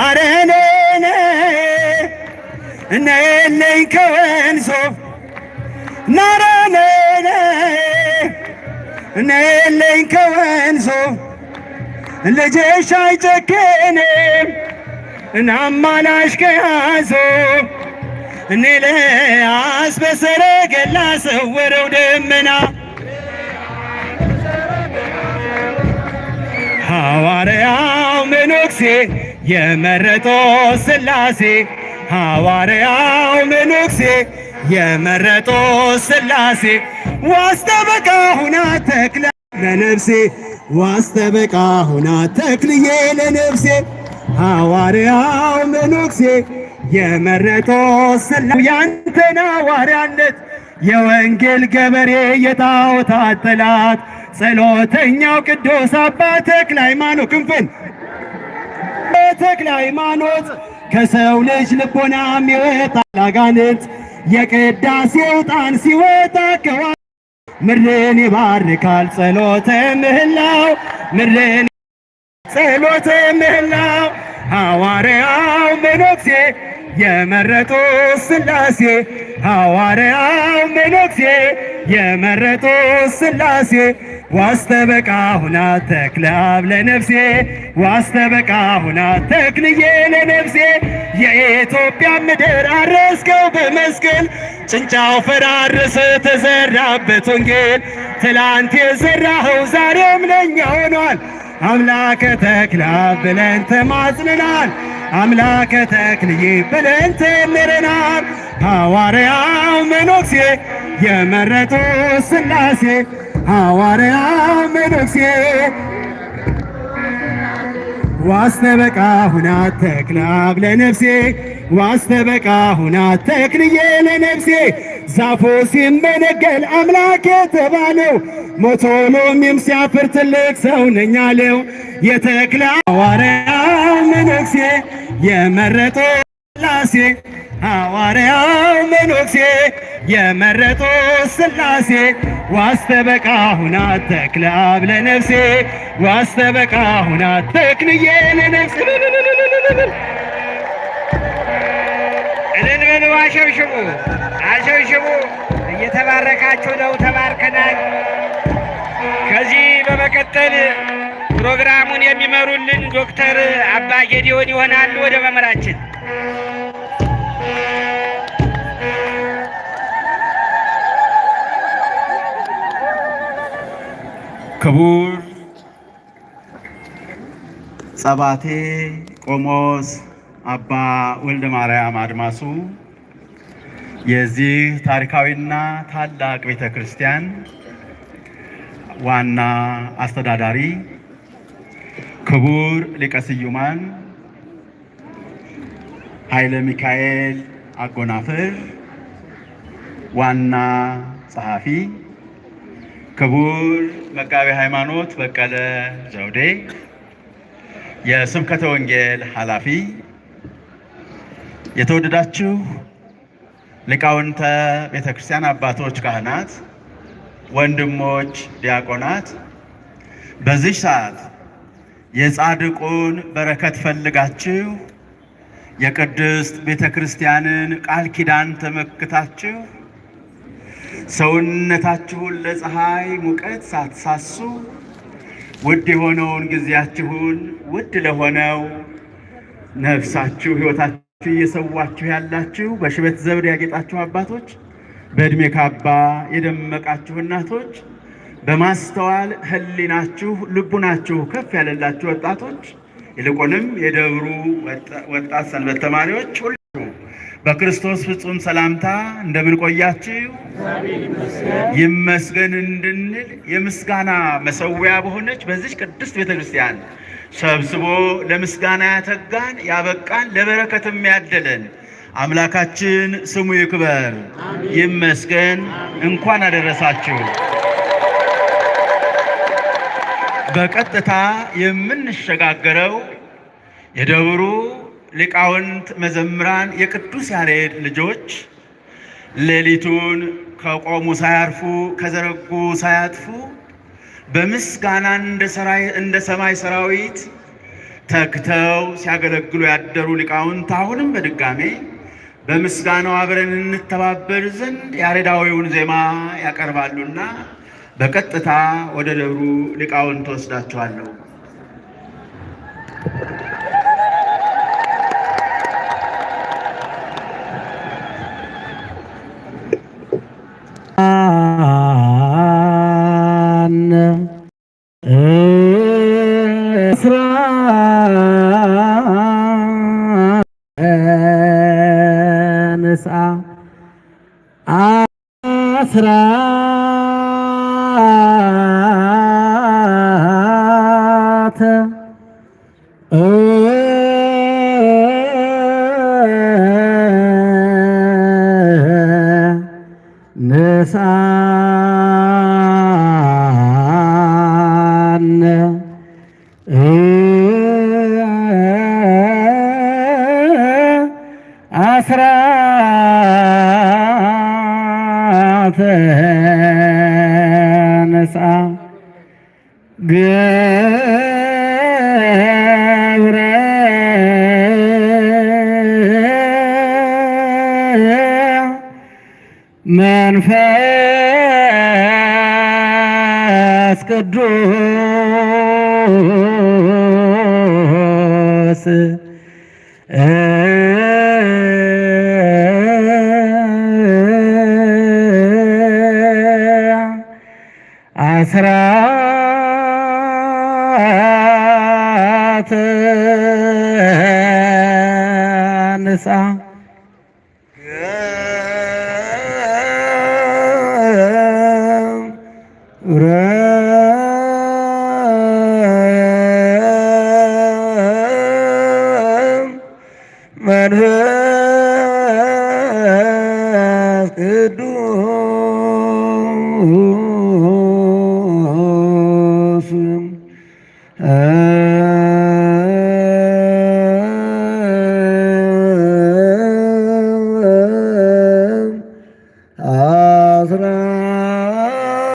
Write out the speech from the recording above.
አረኔ ነለኝ ከወንዞ ናረኔ ነለኝ ከወንዞ ልጅሽ አይጨክንም እናማላሽ ከያዞ እኔ ለያስ በሰረገላ ሰወረው ደመና ሐዋርያ መኖክሴ የመረጦ ስላሴ ሐዋርያው መኖክሴ የመረጦ ስላሴ ዋስተበቃ ሁና ተክለ ለነፍሴ ዋስተበቃ ሁና ተክልዬ ለነፍሴ ሐዋርያው መኖክሴ የመረጦ ስላሴ ያንተን ሐዋርያነት የወንጌል ገበሬ የጣዖታት ጠላት ጸሎተኛው ቅዱስ አባ ተክለ ሃይማኖት ክንፈን ተክለ ሃይማኖት ከሰው ልጅ ልቦና የሚወጣ አጋንንት የቅዳሴው ዕጣን ሲወጣ ከዋ ምድርን ይባርካል ጸሎተ ምህላው ምድርን ጸሎተ ምህላው ሐዋርያው መነኩሴ የመረጡ ስላሴ ሐዋርያው መነኩሴ የመረጡ ስላሴ ዋስተበቃ ሁና ተክለ ለነፍሴ ዋስተበቃ ሁና ተክልዬ ለነፍሴ የኢትዮጵያ ምድር አረስከው በመስቀል ጭንጫው ፈራርስ ተዘራበት ወንጌል ትላንት የዘራኸው ዛሬም ለኛ ሆኗል። አምላከ ተክለ አብ ብለን ተማጽነናል። አምላከ ተክልዬ ብለን ተምረናል። ሐዋርያው መኖክሴ የመረጡ ሥላሴ ሐዋርያ መነኩሴ ዋስተበቃ ሁና ተክላብ ለነፍሴ ዋስተበቃ ሁና ተክልዬ ለነፍሴ ዛፎ ሲመነገል አምላክ የተባለው ሞቶሎሚም ሲያፍር ትልቅ ሰው ነኝ አለው የተክለ ሐዋርያ መነኩሴ የመረጦ ሥላሴ ሐዋርያ መነኩሴ የመረጦ ሥላሴ ዋስተበቃ ሁና ተክለ ለነፍሴ ዋስተበቃ ሁና ተክልዬ ለነፍሴ እልል በሉ አሸብሽቡ አሸብሽቡ እየተባረካችሁ ነው። ተባርከናል። ከዚህ በመቀጠል ፕሮግራሙን የሚመሩልን ዶክተር አባ ጌዲዮን ይሆናሉ። ወደ መምህራችን ክቡር ጸባቴ ቆሞስ አባ ወልደ ማርያም አድማሱ የዚህ ታሪካዊና ታላቅ ቤተ ክርስቲያን ዋና አስተዳዳሪ፣ ክቡር ሊቀ ስዩማን ኃይለ ሚካኤል አጎናፍር ዋና ጸሐፊ ክቡር መጋቤ ሃይማኖት በቀለ ዘውዴ የስብከተ ወንጌል ኃላፊ፣ የተወደዳችሁ ሊቃውንተ ቤተ ክርስቲያን አባቶች፣ ካህናት፣ ወንድሞች፣ ዲያቆናት በዚህ ሰዓት የጻድቁን በረከት ፈልጋችሁ የቅድስት ቤተ ክርስቲያንን ቃል ኪዳን ተመክታችሁ ሰውነታችሁን ለፀሐይ ሙቀት ሳትሳሱ ውድ የሆነውን ጊዜያችሁን ውድ ለሆነው ነፍሳችሁ ሕይወታችሁ እየሰዋችሁ ያላችሁ በሽበት ዘብድ ያጌጣችሁ አባቶች፣ በእድሜ ካባ የደመቃችሁ እናቶች፣ በማስተዋል ሕሊናችሁ ልቡናችሁ ከፍ ያለላችሁ ወጣቶች፣ ይልቁንም የደብሩ ወጣት ሰንበት ተማሪዎች በክርስቶስ ፍጹም ሰላምታ እንደምን ቆያችሁ? ይመስገን እንድንል የምስጋና መሰዊያ በሆነች በዚች ቅድስት ቤተ ክርስቲያን ሰብስቦ ለምስጋና ያተጋን ያበቃን ለበረከትም ያደለን አምላካችን ስሙ ይክበር ይመስገን። እንኳን አደረሳችሁ። በቀጥታ የምንሸጋገረው የደብሩ ሊቃውንት መዘምራን፣ የቅዱስ ያሬድ ልጆች ሌሊቱን ከቆሙ ሳያርፉ ከዘረጉ ሳያጥፉ በምስጋና እንደ ሰማይ ሰራዊት ተክተው ሲያገለግሉ ያደሩ ሊቃውንት አሁንም በድጋሜ በምስጋናው አብረን እንተባበር ዘንድ ያሬዳዊውን ዜማ ያቀርባሉና በቀጥታ ወደ ደብሩ ሊቃውንት ወስዳቸዋለሁ። ስራ ተሳነ አስራተ መንፈስ ቅዱስ አስራት ንሳ man who